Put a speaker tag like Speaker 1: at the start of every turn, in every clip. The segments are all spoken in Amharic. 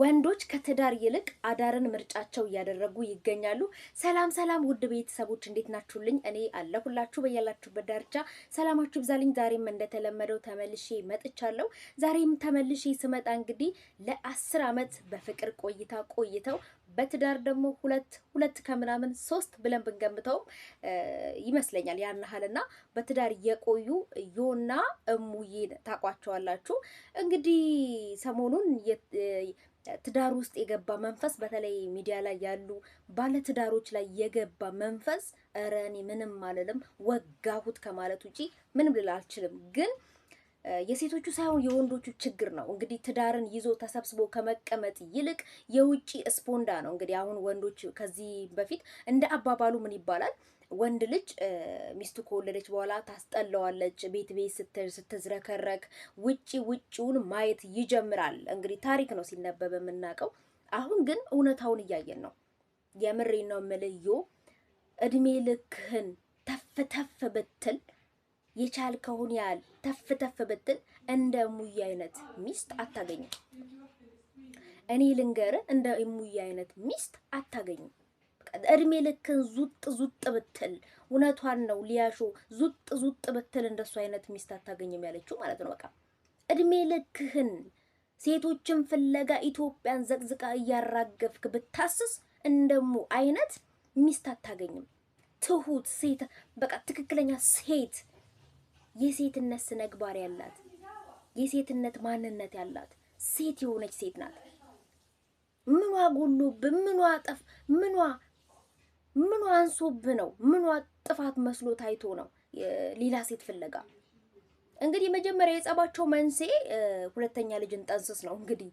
Speaker 1: ወንዶች ከትዳር ይልቅ አዳርን ምርጫቸው እያደረጉ ይገኛሉ። ሰላም ሰላም፣ ውድ ቤተሰቦች እንዴት ናችሁልኝ? እኔ አለሁላችሁ በያላችሁበት ዳርቻ ሰላማችሁ ብዛልኝ ዛሬም እንደተለመደው ተመልሼ መጥቻለሁ። ዛሬም ተመልሼ ስመጣ እንግዲህ ለአስር ዓመት በፍቅር ቆይታ ቆይተው በትዳር ደግሞ ሁለት ሁለት ከምናምን ሶስት ብለን ብንገምተውም ይመስለኛል ያን ያህልና በትዳር የቆዩ ዮና እሙዬ ታቋቸዋላችሁ። እንግዲህ ሰሞኑን ትዳር ውስጥ የገባ መንፈስ በተለይ ሚዲያ ላይ ያሉ ባለትዳሮች ላይ የገባ መንፈስ እረ እኔ ምንም አልልም፣ ወጋሁት ከማለት ውጪ ምንም ልል አልችልም ግን የሴቶቹ ሳይሆን የወንዶቹ ችግር ነው። እንግዲህ ትዳርን ይዞ ተሰብስቦ ከመቀመጥ ይልቅ የውጭ ስፖንዳ ነው። እንግዲህ አሁን ወንዶች ከዚህ በፊት እንደ አባባሉ ምን ይባላል? ወንድ ልጅ ሚስቱ ከወለደች በኋላ ታስጠላዋለች። ቤት ቤት ስትዝረከረክ ውጪ ውጪውን ማየት ይጀምራል። እንግዲህ ታሪክ ነው ሲነበብ የምናውቀው። አሁን ግን እውነታውን እያየን ነው። የምሬ ነው ምልዮ እድሜ ልክህን ተፍ ተፍ ብትል የቻልከውን ያህል ተፍ ተፍ ብትል እንደ ሙዬ አይነት ሚስት አታገኝም። እኔ ልንገር እንደ ሙዬ አይነት ሚስት አታገኝም። እድሜ ልክን ዙጥ ዙጥ ብትል እውነቷን ነው ሊያሾ፣ ዙጥ ዙጥ ብትል እንደሱ አይነት ሚስት አታገኝም ያለችው ማለት ነው። በቃ እድሜ ልክህን ሴቶችን ፍለጋ ኢትዮጵያን ዘቅዝቃ እያራገፍክ ብታስስ እንደሙ አይነት ሚስት አታገኝም። ትሁት ሴት፣ በቃ ትክክለኛ ሴት የሴትነት ስነግባር ያላት የሴትነት ማንነት ያላት ሴት የሆነች ሴት ናት። ምኗ ጎሎብ ምኗ ጠፍ፣ ምኗ ምኗ አንሶብ ነው? ምኗ ጥፋት መስሎ ታይቶ ነው ሌላ ሴት ፍለጋ እንግዲህ መጀመሪያ የጸባቸው መንስኤ ሁለተኛ ልጅን ጠንስስ ነው። እንግዲህ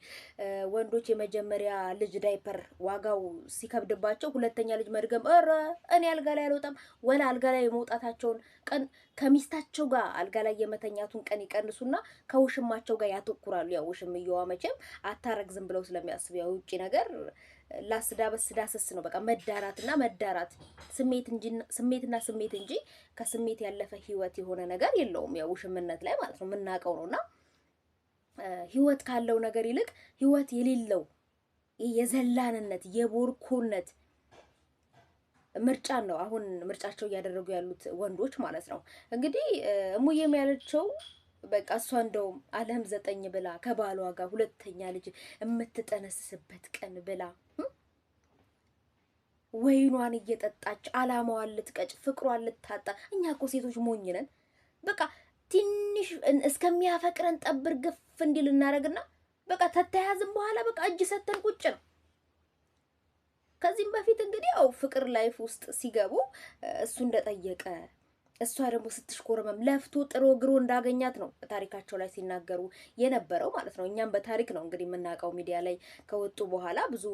Speaker 1: ወንዶች የመጀመሪያ ልጅ ዳይፐር ዋጋው ሲከብድባቸው ሁለተኛ ልጅ መድገም፣ ኧረ እኔ አልጋ ላይ አልወጣም ወላ አልጋ ላይ መውጣታቸውን ቀን ከሚስታቸው ጋር አልጋ ላይ የመተኛቱን ቀን ይቀንሱና ከውሽማቸው ጋር ያተኩራሉ። ያው ውሽምየዋ መቼም አታረግዝም ብለው ስለሚያስብ ያው ውጪ ነገር ላስዳ በስዳ ስስ ነው። በቃ መዳራትና መዳራት ስሜት እንጂ ስሜትና ስሜት እንጂ ከስሜት ያለፈ ህይወት የሆነ ነገር የለውም። ያው ውሽምነት ላይ ማለት ነው የምናውቀው ነውና ህይወት ካለው ነገር ይልቅ ህይወት የሌለው የዘላንነት የቦርኮነት ምርጫን ነው አሁን ምርጫቸው እያደረጉ ያሉት ወንዶች ማለት ነው። እንግዲህ እሙዬ ያለችው በቃ እሷ እንደውም አለም ዘጠኝ ብላ ከባሏ ጋር ሁለተኛ ልጅ የምትጠነስስበት ቀን ብላ ወይኗን እየጠጣች አላማዋን ልትቀጭ ፍቅሯን ልታጣ። እኛ እኮ ሴቶች ሞኝ ነን። በቃ ትንሽ እስከሚያፈቅረን ጠብር ግፍ እንዲል እናደርግና በቃ ተተያዝም በኋላ በቃ እጅ ሰተን ቁጭ ነው። ከዚህም በፊት እንግዲህ ያው ፍቅር ላይፍ ውስጥ ሲገቡ እሱ እንደጠየቀ እሷ ደግሞ ስትሽኮረመም ለፍቶ ጥሮ ግሮ እንዳገኛት ነው በታሪካቸው ላይ ሲናገሩ የነበረው ማለት ነው። እኛም በታሪክ ነው እንግዲህ የምናውቀው። ሚዲያ ላይ ከወጡ በኋላ ብዙ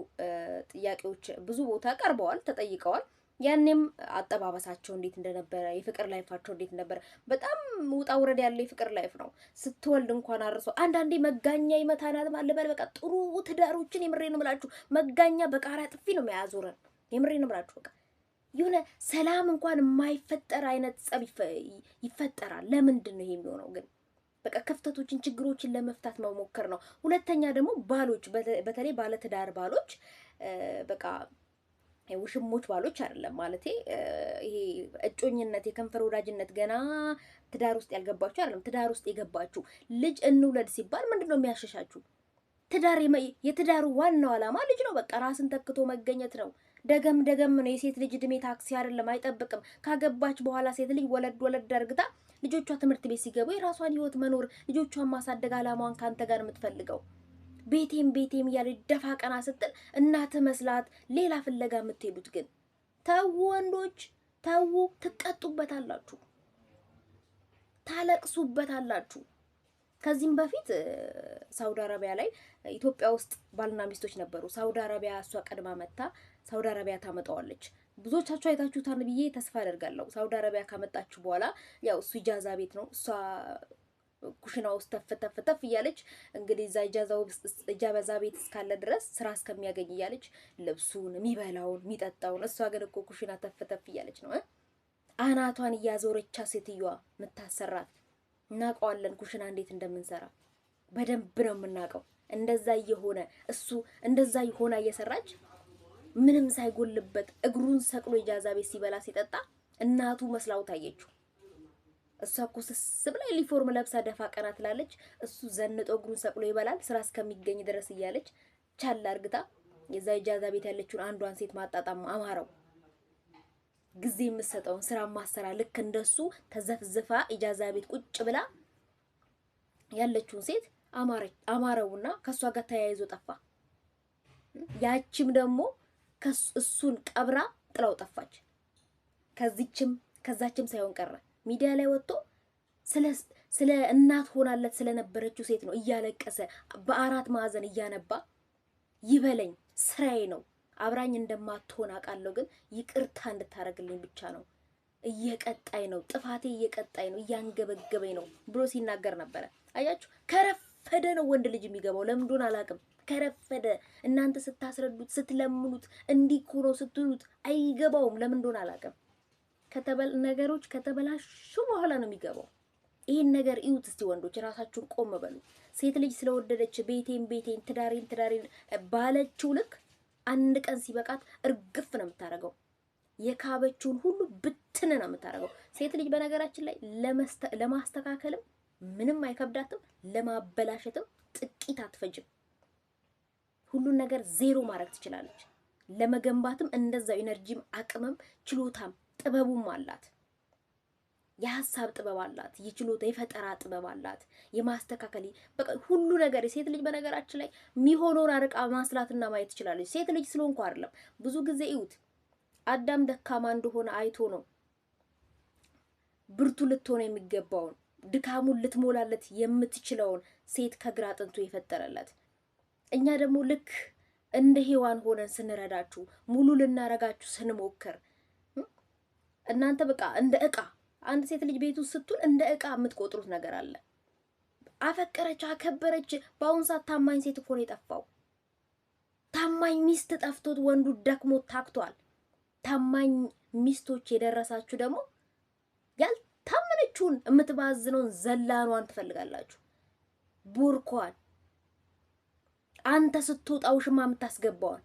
Speaker 1: ጥያቄዎች ብዙ ቦታ ቀርበዋል፣ ተጠይቀዋል። ያኔም አጠባበሳቸው እንዴት እንደነበረ የፍቅር ላይፋቸው እንዴት እንደነበረ በጣም ውጣ ውረድ ያለው የፍቅር ላይፍ ነው። ስትወልድ እንኳን አርሶ አንዳንዴ መጋኛ ይመታናል ማለበል በቃ ጥሩ ትዳሮችን የምሬ ነው ምላችሁ መጋኛ በቃራ ጥፊ ነው መያዙረን የምሬ ነው ምላችሁ በቃ የሆነ ሰላም እንኳን የማይፈጠር አይነት ጸብ ይፈጠራል። ለምንድን ነው ይሄ የሚሆነው ግን? በቃ ክፍተቶችን፣ ችግሮችን ለመፍታት መሞከር ነው። ሁለተኛ ደግሞ ባሎች በተለይ ባለትዳር ባሎች በቃ ውሽሞች ባሎች አይደለም ማለት ይሄ እጮኝነት፣ የከንፈር ወዳጅነት ገና ትዳር ውስጥ ያልገባችሁ አይደለም። ትዳር ውስጥ የገባችሁ ልጅ እንውለድ ሲባል ምንድን ነው የሚያሸሻችሁ? ትዳር የትዳሩ ዋናው ዓላማ ልጅ ነው። በቃ ራስን ተክቶ መገኘት ነው። ደገም ደገም ነው። የሴት ልጅ እድሜ ታክሲ አይደለም አይጠብቅም። ካገባች በኋላ ሴት ልጅ ወለድ ወለድ አርግታ ልጆቿ ትምህርት ቤት ሲገቡ የራሷን ህይወት መኖር ልጆቿን ማሳደግ አላማዋን ከአንተ ጋር የምትፈልገው ቤቴም ቤቴም እያለ ደፋ ቀና ስትል እናት መስላት ሌላ ፍለጋ የምትሄዱት ግን ተዉ ወንዶች ተዉ። ትቀጡበታላችሁ፣ ታለቅሱበታላችሁ። ከዚህም በፊት ሳውዲ አረቢያ ላይ ኢትዮጵያ ውስጥ ባልና ሚስቶች ነበሩ። ሳውዲ አረቢያ እሷ ቀድማ መታ ሳውዲ አረቢያ ታመጣዋለች። ብዙዎቻችሁ አይታችሁታን ብዬ ተስፋ አደርጋለሁ። ሳውዲ አረቢያ ካመጣችሁ በኋላ ያው እሱ ኢጃዛ ቤት ነው፣ እሷ ኩሽና ውስጥ ተፍ ተፍ ተፍ እያለች እንግዲህ እዛ ኢጃዛ ቤት እስካለ ድረስ ስራ እስከሚያገኝ እያለች ልብሱን፣ የሚበላውን፣ የሚጠጣውን እሷ ግን እኮ ኩሽና ተፍ ተፍ እያለች ነው አናቷን እያዞረቻ ሴትዮዋ ምታሰራት እናውቀዋለን ኩሽና እንዴት እንደምንሰራ በደንብ ነው የምናውቀው። እንደዛ እየሆነ እሱ እንደዛ ሆና እየሰራች ምንም ሳይጎልበት እግሩን ሰቅሎ የጃዛ ቤት ሲበላ ሲጠጣ እናቱ መስላው ታየችው። እሷ እኮ ስስ ብላ ዩኒፎርም ለብሳ ደፋ ቀና ትላለች። እሱ ዘንጦ እግሩን ሰቅሎ ይበላል ስራ እስከሚገኝ ድረስ እያለች ቻላ እርግታ የዛ የጃዛ ቤት ያለችውን አንዷን ሴት ማጣጣም አማረው። ጊዜ የምትሰጠውን ስራ ማሰራ ልክ እንደሱ ተዘፍዝፋ ኢጃዛ ቤት ቁጭ ብላ ያለችውን ሴት አማረውና ከእሷ ጋር ተያይዞ ጠፋ። ያቺም ደግሞ እሱን ቀብራ ጥላው ጠፋች። ከዚችም ከዛችም ሳይሆን ቀረ። ሚዲያ ላይ ወጥቶ ስለ እናት ሆናለት ስለነበረችው ሴት ነው እያለቀሰ በአራት ማዕዘን እያነባ ይበለኝ ስራዬ ነው አብራኝ እንደማትሆን አውቃለሁ፣ ግን ይቅርታ እንድታደርግልኝ ብቻ ነው። እየቀጣኝ ነው፣ ጥፋቴ እየቀጣኝ ነው፣ እያንገበገበኝ ነው ብሎ ሲናገር ነበረ። አያችሁ፣ ከረፈደ ነው ወንድ ልጅ የሚገባው። ለምን እንደሆነ አላውቅም። ከረፈደ እናንተ ስታስረዱት፣ ስትለምኑት፣ እንዲኩ ነው ስትሉት አይገባውም። ለምን እንደሆነ አላውቅም። ከተበል ነገሮች ከተበላሹ በኋላ ነው የሚገባው። ይህን ነገር እዩት እስቲ ወንዶች፣ ራሳችሁን ቆም በሉ። ሴት ልጅ ስለወደደች ቤቴን ቤቴን ትዳሬን ትዳሬን ባለችው ልክ አንድ ቀን ሲበቃት እርግፍ ነው የምታደርገው። የካበችውን ሁሉ ብትን ነው የምታደርገው። ሴት ልጅ በነገራችን ላይ ለማስተካከልም ምንም አይከብዳትም፣ ለማበላሸትም ጥቂት አትፈጅም። ሁሉን ነገር ዜሮ ማድረግ ትችላለች። ለመገንባትም እንደዛው ኢነርጂም፣ አቅምም፣ ችሎታም ጥበቡም አላት። የሀሳብ ጥበብ አላት፣ የችሎታ የፈጠራ ጥበብ አላት፣ የማስተካከል በቃ ሁሉ ነገር። የሴት ልጅ በነገራችን ላይ የሚሆነውን አርቃ ማስላትና ማየት ትችላለች። ሴት ልጅ ስለሆንኩ አይደለም። ብዙ ጊዜ እዩት፣ አዳም ደካማ እንደሆነ አይቶ ነው ብርቱ ልትሆነ የሚገባውን ድካሙን ልትሞላለት የምትችለውን ሴት ከግራ አጥንቱ የፈጠረለት። እኛ ደግሞ ልክ እንደ ሔዋን ሆነን ስንረዳችሁ ሙሉ ልናረጋችሁ ስንሞክር እናንተ በቃ እንደ እቃ አንድ ሴት ልጅ ቤቱ ውስጥ ስትውል እንደ እቃ የምትቆጥሩት ነገር አለ። አፈቀረች፣ አከበረች። በአሁን ሰዓት ታማኝ ሴት እኮ ነው የጠፋው። ታማኝ ሚስት ጠፍቶት ወንዱ ደክሞ ታክቷል። ታማኝ ሚስቶች የደረሳችሁ ደግሞ ያልታመነችውን የምትባዝነውን ዘላኗን ትፈልጋላችሁ። ቡርኳል አንተ ስትወጣው ሽማ የምታስገባዋን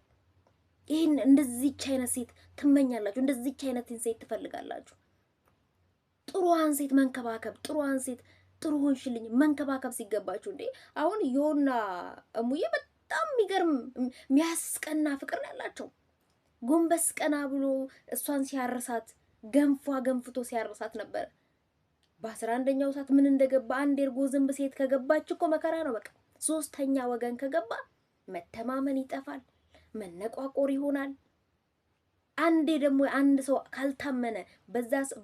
Speaker 1: ይህን እንደዚች አይነት ሴት ትመኛላችሁ። እንደዚች አይነትን ሴት ትፈልጋላችሁ። ጥሩዋን ሴት መንከባከብ፣ ጥሩዋን ሴት ጥሩ ሆንሽልኝ መንከባከብ ሲገባችሁ እንዴ! አሁን ዮና እሙዬ በጣም የሚገርም የሚያስቀና ፍቅር ነው ያላቸው። ጎንበስ ቀና ብሎ እሷን ሲያርሳት ገንፏ ገንፍቶ ሲያርሳት ነበር። በአስራ አንደኛው ሰዓት ምን እንደገባ አንድ የርጎ ዝንብ ሴት ከገባች እኮ መከራ ነው። በቃ ሶስተኛ ወገን ከገባ መተማመን ይጠፋል፣ መነቋቆር ይሆናል። አንዴ ደግሞ አንድ ሰው ካልታመነ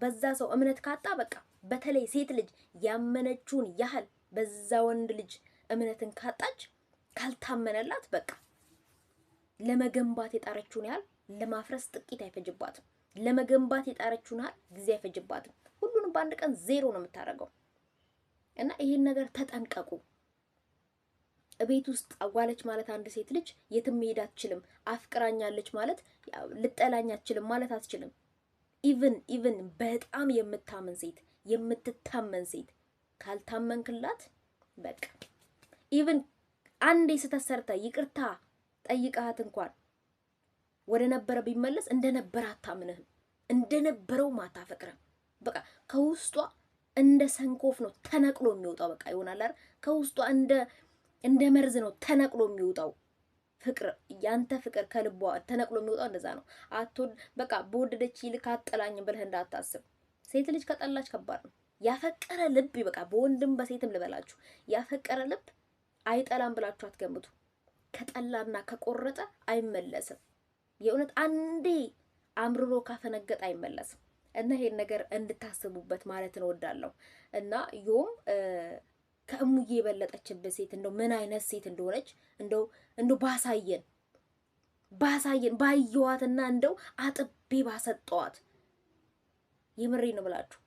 Speaker 1: በዛ ሰው እምነት ካጣ በቃ በተለይ ሴት ልጅ ያመነችውን ያህል በዛ ወንድ ልጅ እምነትን ካጣች ካልታመነላት በቃ ለመገንባት የጣረችውን ያህል ለማፍረስ ጥቂት አይፈጅባትም። ለመገንባት የጣረችውን ያህል ጊዜ አይፈጅባትም። ሁሉንም በአንድ ቀን ዜሮ ነው የምታደርገው እና ይህን ነገር ተጠንቀቁ። ቤት ውስጥ አዋለች ማለት አንድ ሴት ልጅ የትም መሄድ አትችልም። አፍቅራኛለች ማለት ልጠላኝ አትችልም ማለት አትችልም። ኢቭን ኢቭን በጣም የምታመን ሴት የምትታመን ሴት ካልታመንክላት በቃ ኢቭን አንዴ ስተሰርተ ይቅርታ ጠይቃት እንኳን ወደ ነበረ ቢመለስ እንደነበረ አታምንህም፣ እንደነበረውም አታፈቅርም። በቃ ከውስጧ እንደ ሰንኮፍ ነው ተነቅሎ የሚወጣው። በቃ ይሆናል አይደል ከውስጧ እንደ እንደ መርዝ ነው ተነቅሎ የሚወጣው። ፍቅር ያንተ ፍቅር ከልቧ ተነቅሎ የሚወጣው እንደዛ ነው። አቶ በቃ በወደደች ይልክ አጠላኝ ብለህ እንዳታስብ። ሴት ልጅ ከጠላች ከባድ ነው። ያፈቀረ ልብ በቃ በወንድም በሴትም ልበላችሁ፣ ያፈቀረ ልብ አይጠላም ብላችሁ አትገምቱ። ከጠላና ከቆረጠ አይመለስም። የእውነት አንዴ አምርሮ ካፈነገጠ አይመለስም። እና ይሄን ነገር እንድታስቡበት ማለት እንወዳለሁ እና ዮም ከእሙዬ የበለጠችበት ሴት እንደው ምን አይነት ሴት እንደሆነች እንደው እንደው ባሳየን ባሳየን ባየዋትና እንደው አጥቤ ባሰጠዋት የምሬ ነው ብላችሁ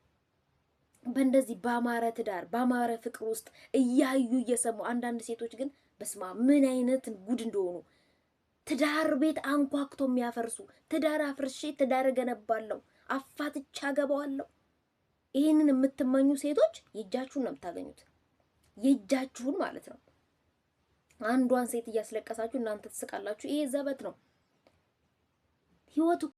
Speaker 1: በእንደዚህ በአማረ ትዳር በአማረ ፍቅር ውስጥ እያዩ እየሰሙ አንዳንድ ሴቶች ግን በስማ ምን አይነት ጉድ እንደሆኑ ትዳር ቤት አንኳኩቶ የሚያፈርሱ ትዳር አፍርሼ ትዳር እገነባለሁ አፋትቻ አገባዋለሁ። ይህንን የምትመኙ ሴቶች የእጃችሁን ነው የምታገኙት። የእጃችሁን ማለት ነው። አንዷን ሴት እያስለቀሳችሁ እናንተ ትስቃላችሁ። ይሄ ዘበት ነው ህይወቱ